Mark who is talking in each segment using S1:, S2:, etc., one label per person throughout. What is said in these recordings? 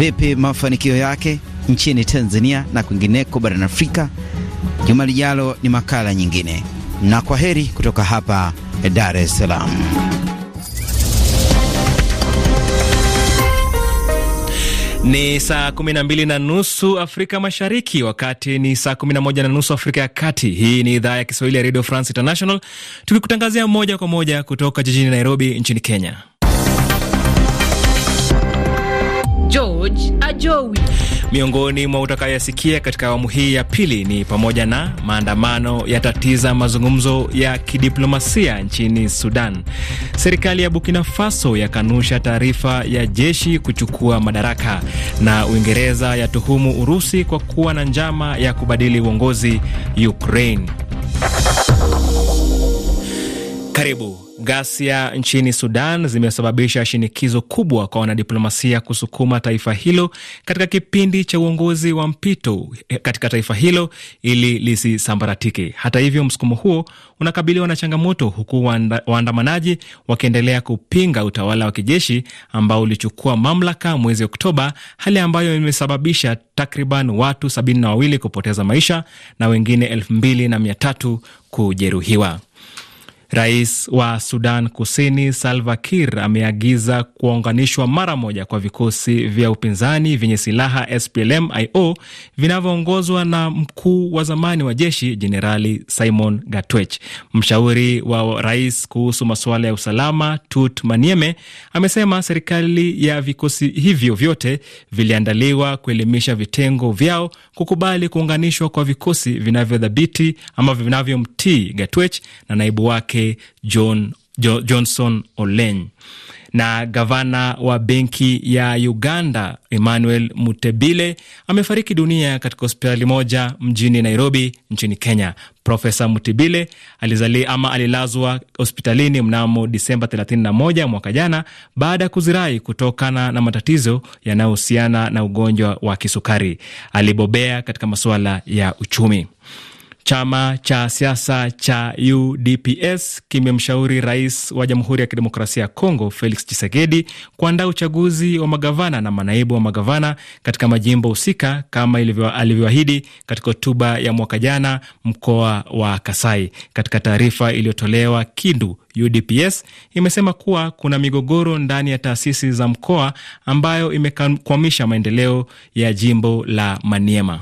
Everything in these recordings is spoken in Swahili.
S1: vipi mafanikio yake nchini Tanzania na kwingineko barani Afrika. Juma lijalo ni makala nyingine, na kwa heri kutoka hapa Dar es Salaam.
S2: Ni saa kumi na mbili na nusu Afrika Mashariki, wakati ni saa kumi na moja na nusu Afrika ya Kati. Hii ni idhaa ya Kiswahili ya Radio France International, tukikutangazia moja kwa moja kutoka jijini Nairobi nchini Kenya. George Ajowi. Miongoni mwa utakayasikia katika awamu hii ya pili ni pamoja na maandamano yatatiza mazungumzo ya kidiplomasia nchini Sudan, serikali ya Burkina Faso yakanusha taarifa ya jeshi kuchukua madaraka, na Uingereza yatuhumu Urusi kwa kuwa na njama ya kubadili uongozi Ukraine. Karibu Ghasia nchini Sudan zimesababisha shinikizo kubwa kwa wanadiplomasia kusukuma taifa hilo katika kipindi cha uongozi wa mpito eh, katika taifa hilo ili lisisambaratike. Hata hivyo, msukumo huo unakabiliwa na changamoto, huku waandamanaji wakiendelea kupinga utawala wa kijeshi ambao ulichukua mamlaka mwezi Oktoba, hali ambayo imesababisha takriban watu sabini na wawili kupoteza maisha na wengine elfu mbili na mia tatu kujeruhiwa. Rais wa Sudan Kusini Salva Kiir ameagiza kuwaunganishwa mara moja kwa vikosi vya upinzani vyenye silaha SPLM-IO vinavyoongozwa na mkuu wa zamani wa jeshi Jenerali Simon Gatwech. Mshauri wa rais kuhusu masuala ya usalama Tut Manieme amesema serikali ya vikosi hivyo vyote viliandaliwa kuelimisha vitengo vyao kukubali kuunganishwa kwa vikosi vinavyodhibiti ama vinavyomtii Gatwech na naibu wake wake John, jo, Johnson Oleny na gavana wa benki ya Uganda Emmanuel Mutebile amefariki dunia katika hospitali moja mjini Nairobi nchini Kenya. Profesa Mutebile alizali ama alilazwa hospitalini mnamo Disemba 31 mwaka jana baada ya kuzirai kutokana na matatizo yanayohusiana na ugonjwa wa kisukari. Alibobea katika masuala ya uchumi. Chama cha siasa cha UDPS kimemshauri rais wa Jamhuri ya Kidemokrasia ya Kongo Felix Tshisekedi kuandaa uchaguzi wa magavana na manaibu wa magavana katika majimbo husika kama alivyoahidi katika hotuba ya mwaka jana mkoa wa Kasai. Katika taarifa iliyotolewa Kindu, UDPS imesema kuwa kuna migogoro ndani ya taasisi za mkoa ambayo imekwamisha maendeleo ya jimbo la Maniema.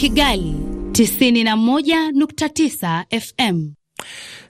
S2: Kigali 91.9 FM.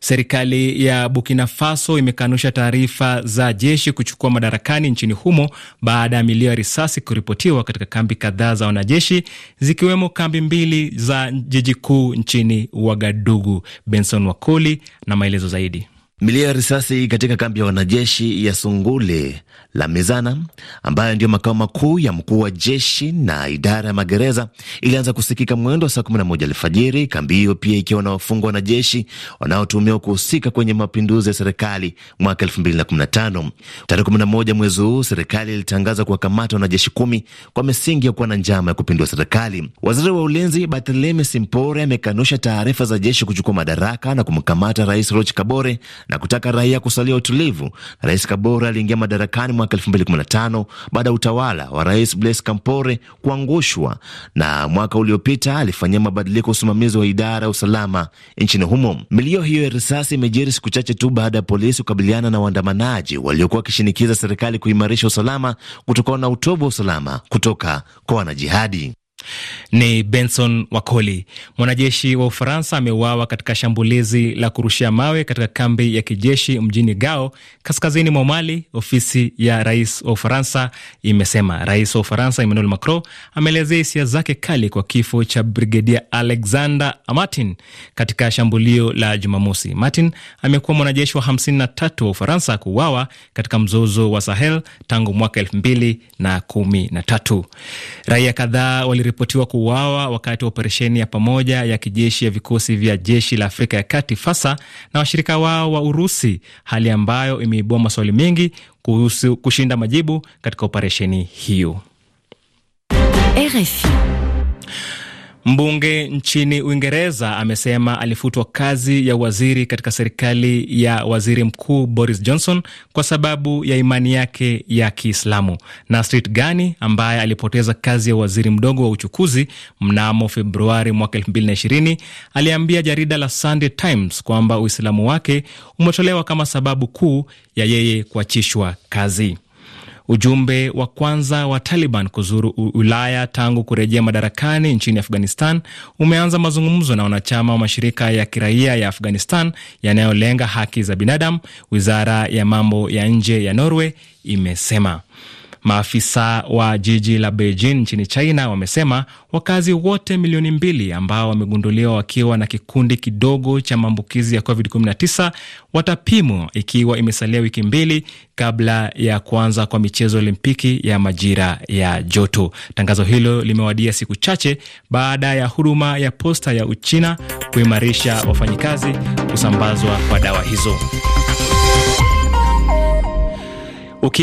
S2: Serikali ya Burkina Faso imekanusha taarifa za jeshi kuchukua madarakani nchini humo baada ya milio ya risasi kuripotiwa katika kambi kadhaa za wanajeshi zikiwemo kambi mbili za jiji kuu nchini Wagadugu. Benson
S1: Wakoli na maelezo zaidi. Milio ya risasi katika kambi ya wanajeshi ya Sungule la Mizana, ambayo ndiyo makao makuu ya mkuu wa jeshi na idara ya magereza, ilianza kusikika mwendo wa saa 11 alfajiri, kambi hiyo pia ikiwa na wafungwa wanajeshi wanaotumiwa kuhusika kwenye mapinduzi ya serikali mwaka 2015. Tarehe 11 mwezi huu, serikali ilitangaza kuwakamata wanajeshi kumi kwa misingi ya kuwa na njama ya kupindua serikali. Waziri wa ulinzi Barthelemy Simpore amekanusha taarifa za jeshi kuchukua madaraka na kumkamata Rais Roch Kabore na kutaka raia kusalia utulivu. Rais Kabore aliingia madarakani mwaka 2015 baada ya utawala wa Rais Blaise Compaore kuangushwa, na mwaka uliopita alifanyia mabadiliko usimamizi wa idara ya usalama nchini humo. Milio hiyo ya risasi imejiri siku chache tu baada ya polisi kukabiliana na waandamanaji waliokuwa wakishinikiza serikali kuimarisha usalama kutokana na utovu wa usalama kutoka kwa wanajihadi. Ni Benson Wakoli, mwanajeshi wa Ufaransa, ameuawa katika shambulizi
S2: la kurushia mawe katika kambi ya kijeshi mjini Gao, kaskazini mwa Mali. Ofisi ya rais wa Ufaransa imesema. Rais wa Ufaransa Emmanuel Macron ameelezea hisia zake kali kwa kifo cha Brigedia Alexander Martin katika shambulio la Jumamosi. Martin amekuwa mwanajeshi wa 53 wa Ufaransa kuuawa katika mzozo wa Sahel tangu mwaka 2013. Raia kadhaa wali walioripotiwa kuuawa wakati wa operesheni ya pamoja ya kijeshi ya vikosi vya jeshi la Afrika ya Kati fasa na washirika wao wa Urusi, hali ambayo imeibua maswali mengi kuhusu kushinda majibu katika operesheni hiyo. RFI. Mbunge nchini Uingereza amesema alifutwa kazi ya waziri katika serikali ya waziri mkuu Boris Johnson kwa sababu ya imani yake ya Kiislamu. Nasrit Ghani ambaye alipoteza kazi ya waziri mdogo wa uchukuzi mnamo Februari mwaka 2020 aliambia jarida la Sunday Times kwamba Uislamu wake umetolewa kama sababu kuu ya yeye kuachishwa kazi. Ujumbe wa kwanza wa Taliban kuzuru Ulaya tangu kurejea madarakani nchini Afghanistan umeanza mazungumzo na wanachama wa mashirika ya kiraia ya Afghanistan yanayolenga haki za binadamu, wizara ya mambo ya nje ya Norway imesema. Maafisa wa jiji la Beijing nchini China wamesema wakazi wote milioni mbili ambao wamegunduliwa wakiwa na kikundi kidogo cha maambukizi ya COVID-19 watapimwa ikiwa imesalia wiki mbili kabla ya kuanza kwa michezo Olimpiki ya majira ya joto. Tangazo hilo limewadia siku chache baada ya huduma ya posta ya Uchina kuimarisha wafanyikazi
S1: kusambazwa kwa dawa hizo.